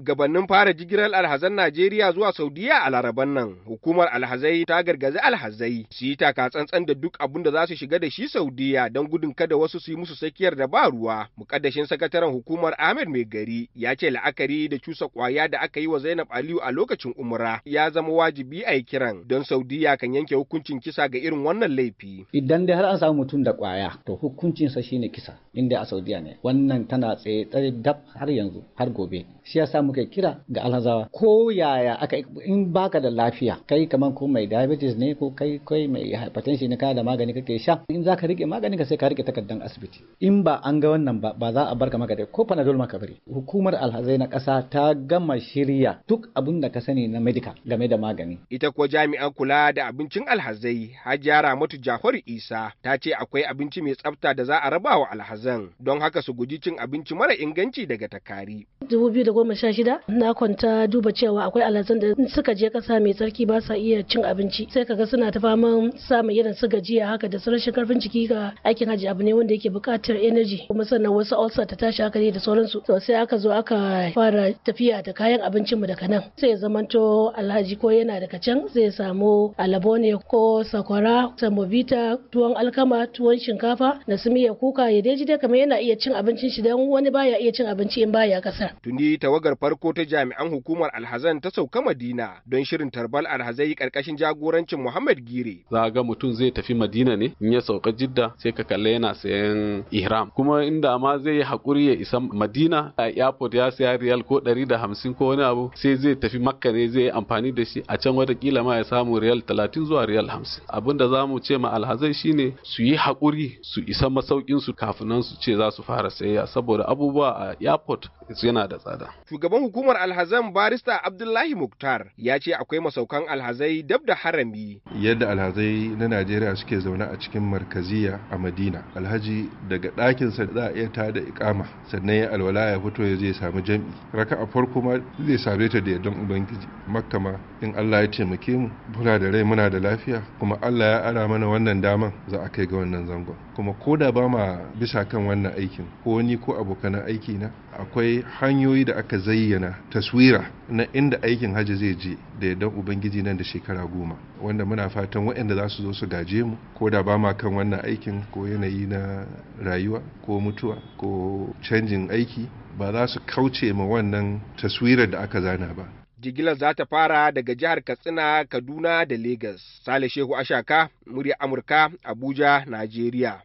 gabannin fara jigilar alhazan Najeriya zuwa Saudiya a laraban nan. Hukumar alhazai ta gargazi alhazai su yi taka tsantsan da duk abin da za su shiga da shi Saudiya don gudun kada wasu su yi musu tsakiyar da ba ruwa. Mukaddashin sakataren hukumar Ahmed Mai Gari ya ce la'akari da cusa kwaya da aka yi wa Zainab Aliyu a lokacin umra ya zama wajibi a yi kiran don Saudiya kan yanke hukuncin kisa ga irin wannan laifi. Idan dai har an samu mutum da kwaya to hukuncinsa shine kisa inda a Saudiya ne. Wannan tana tsaye tsare dab har yanzu har gobe. Shi ya muka kira ga alhazawa ko yaya aka in baka da lafiya kai kamar ko mai diabetes ne ko kai kai mai hypertension ne kana da magani kake sha in zaka rike magani ka sai ka rike takardan asibiti in ba an ga wannan ba ba za a barka maka da ko panadol maka bari hukumar alhazai na kasa ta gama shirya duk abin da ka sani na medical game da magani ita ko jami'an kula da abincin alhazai hajjara mutu jafar isa ta ce akwai abinci mai tsafta da za a raba wa alhazan don haka su guji cin abinci mara inganci daga takari 2016 gida na kwanta duba cewa akwai alhazan da suka je kasa mai tsarki ba sa iya cin abinci sai kaga suna ta faman samun irin su gajiya haka da su rashin karfin jiki ga aikin hajji abu ne wanda yake buƙatar energy kuma sannan wasu ulcer ta tashi haka ne da sauransu to sai aka zo aka fara tafiya da kayan abincin mu daga nan sai ya zamanto alhaji ko yana daga can zai samu alabo ko sakwara samovita tuwon alkama tuwon shinkafa da su miya kuka ya daji dai kamar yana iya cin abincin shi dan wani baya iya cin abinci in baya kasar tuni tawagar farko ta jami'an hukumar alhazan ta sauka madina don shirin tarbal alhazai karkashin jagorancin muhammad gire za ga mutum zai tafi madina ne in ya sauka jidda sai ka kalla yana sayan ihram kuma inda ma zai yi hakuri ya isa madina a airport ya saya riyal ko ɗari da hamsin ko wani abu sai zai tafi makka ne zai yi amfani da shi a can kila ma ya samu riyal talatin zuwa riyal hamsin abin da zamu ce ma alhazai shine su yi hakuri su isa masaukin su kafin su ce za su fara sayayya saboda abubuwa a airport yana da tsada. Shugaban hukumar alhazan barista Abdullahi Muktar ya ce akwai masaukan alhazai dab da harami. Yadda alhazai na Najeriya suke zaune a cikin markaziya a Madina, alhaji daga sa za a iya tada ikama sannan ya alwala ya fito ya zai samu jam'i. Raka a farko ma zai same ta da yardan Ubangiji. Makka ma in Allah ya taimake mu muna da rai muna da lafiya kuma Allah ya ara mana wannan daman za a kai ga wannan zangon. Kuma ko da ba ma bisa kan wannan aikin ko ni ko abokan aiki na akwai hanyoyi da aka zayyana taswira na inda aikin hajji zai je da yadda ubangiji nan da shekara goma wanda muna fatan waɗanda za su zo su gaje mu ko da ba ma kan wannan aikin ko yanayi na rayuwa ko mutuwa ko canjin aiki ba za su kauce ma wannan taswirar da aka zana ba jigilar za ta fara daga jihar katsina kaduna da lagos sale shehu ashaka murya amurka abuja najeriya